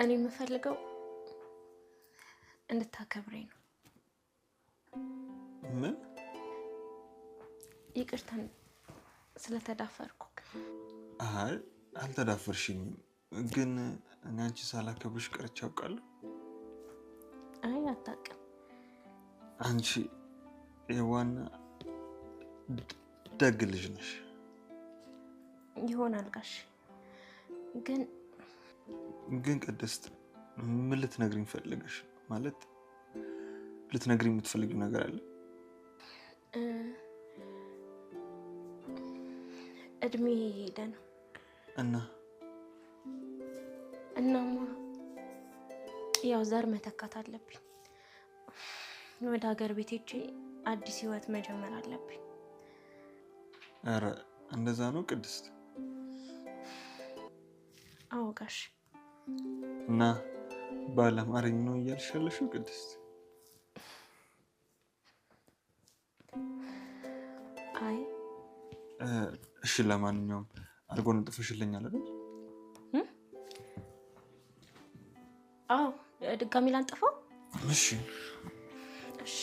እኔ የምፈልገው እንድታከብሬ ነው። ምን? ይቅርታን ስለተዳፈርኩ። አይ አልተዳፈርሽኝም፣ ግን እኔ አንቺ ሳላከብርሽ ቀርቼ አውቃለሁ? አይ አታውቅም። አንቺ የዋና ደግ ልጅ ነሽ። ይሆናል ጋሽ ግን ግን ቅድስት ምን ልትነግሪኝ ፈልገሽ? ማለት ልትነግሪ የምትፈልጊው ነገር አለ? እድሜ ሄደ ነው እና እናማ ያው ዘር መተካት አለብኝ። ወደ ሀገር ቤት ሄጄ አዲስ ህይወት መጀመር አለብኝ። ኧረ እንደዛ ነው ቅድስት? አዎ እና አረኝ ነው እያልሽ ያለሽው ቅድስት? አይ እሺ፣ ለማንኛውም አድርጎ ነጥፈሽልኛል አይደል? አዎ፣ ድጋሚ ላንጥፈው? እሺ፣ እሺ